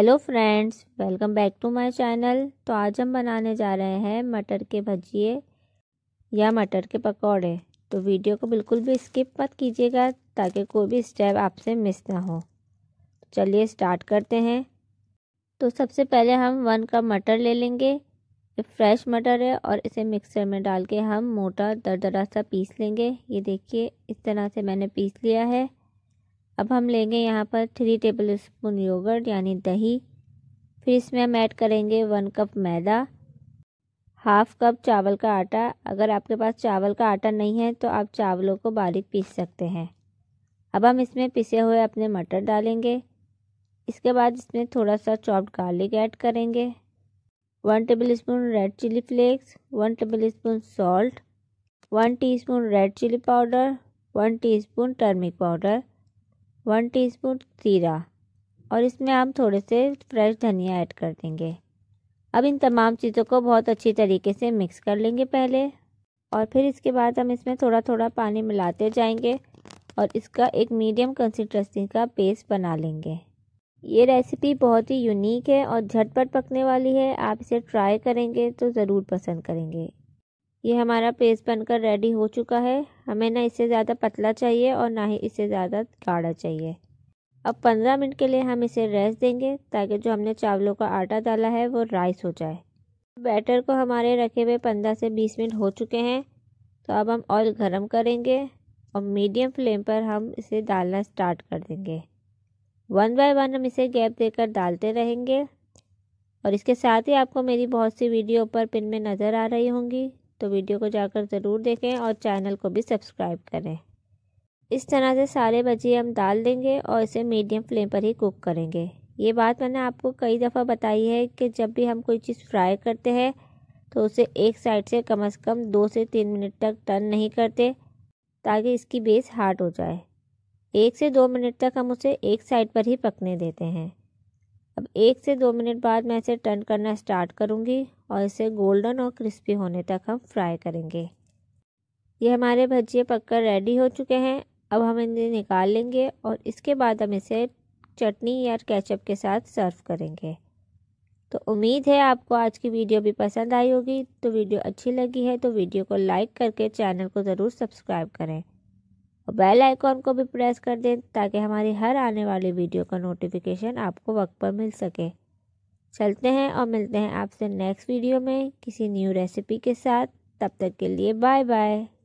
hello friends welcome back to my channel तो आज हम बनाने जा रहे हैं मटर के भजिए या मटर के पकौड़े तो वीडियो को बिल्कुल भी स्किप मत कीजिएगा ताकि कोई भी स्टेप आपसे मिस ना हो तो चलिए स्टार्ट करते हैं तो सबसे पहले हम वन कप मटर ले लेंगे फ्रेश मटर है और इसे मिक्सर में डाल के हम मोटा दरदरा सा पीस लेंगे ये देखिए इस तरह से मैंने पीस लिया है अब हम लेंगे यहाँ पर थ्री टेबल स्पून योगर्ट यानी दही फिर इसमें हम ऐड करेंगे वन कप मैदा हाफ कप चावल का आटा अगर आपके पास चावल का आटा नहीं है तो आप चावलों को बारीक पीस सकते हैं अब हम इसमें पिसे हुए अपने मटर डालेंगे इसके बाद इसमें थोड़ा सा चॉप्ड गार्लिक ऐड करेंगे one tablespoon red chilli flakes one tablespoon salt one tea red chilli powder one tea turmeric powder one teaspoon जीरा और इसमें हम थोड़े से फ्रेश धनिया ऐड कर देंगे अब इन तमाम चीज़ों को बहुत अच्छी तरीके से मिक्स कर लेंगे पहले और फिर इसके बाद हम इसमें थोड़ा थोड़ा पानी मिलाते जाएंगे और इसका एक मीडियम कंसिस्टेंसी का पेस्ट बना लेंगे ये रेसिपी बहुत ही यूनिक है और झटपट पकने वाली है आप इसे ट्राई करेंगे तो ज़रूर पसंद करेंगे ये हमारा पेस्ट बनकर रेडी हो चुका है हमें ना इसे ज़्यादा पतला चाहिए और ना ही इसे ज़्यादा गाढ़ा चाहिए अब 15 मिनट के लिए हम इसे रेस्ट देंगे ताकि जो हमने चावलों का आटा डाला है वो राइस हो जाए बैटर को हमारे रखे हुए 15 से 20 मिनट हो चुके हैं तो अब हम ऑयल गर्म करेंगे और मीडियम फ्लेम पर हम इसे डालना स्टार्ट कर देंगे वन बाय वन हम इसे गैप देकर डालते रहेंगे और इसके साथ ही आपको मेरी बहुत सी वीडियो पर पिन में नज़र आ रही होंगी तो वीडियो को जाकर ज़रूर देखें और चैनल को भी सब्सक्राइब करें इस तरह से सारे भजिए हम डाल देंगे और इसे मीडियम फ्लेम पर ही कुक करेंगे ये बात मैंने आपको कई दफ़ा बताई है कि जब भी हम कोई चीज़ फ्राई करते हैं तो उसे एक साइड से कम अज़ कम दो से तीन मिनट तक टर्न नहीं करते ताकि इसकी बेस हार्ड हो जाए एक से दो मिनट तक हम उसे एक साइड पर ही पकने देते हैं अब एक से दो मिनट बाद मैं इसे टर्न करना स्टार्ट करूँगी और इसे गोल्डन और क्रिस्पी होने तक हम फ्राई करेंगे ये हमारे भजिए पककर रेडी हो चुके हैं अब हम इन्हें निकाल लेंगे और इसके बाद हम इसे चटनी या केचप के साथ सर्व करेंगे तो उम्मीद है आपको आज की वीडियो भी पसंद आई होगी तो वीडियो अच्छी लगी है तो वीडियो को लाइक करके चैनल को ज़रूर सब्सक्राइब करें और बेल आइकॉन को भी प्रेस कर दें ताकि हमारी हर आने वाली वीडियो का नोटिफिकेशन आपको वक्त पर मिल सके चलते हैं और मिलते हैं आपसे नेक्स्ट वीडियो में किसी न्यू रेसिपी के साथ तब तक के लिए बाय बाय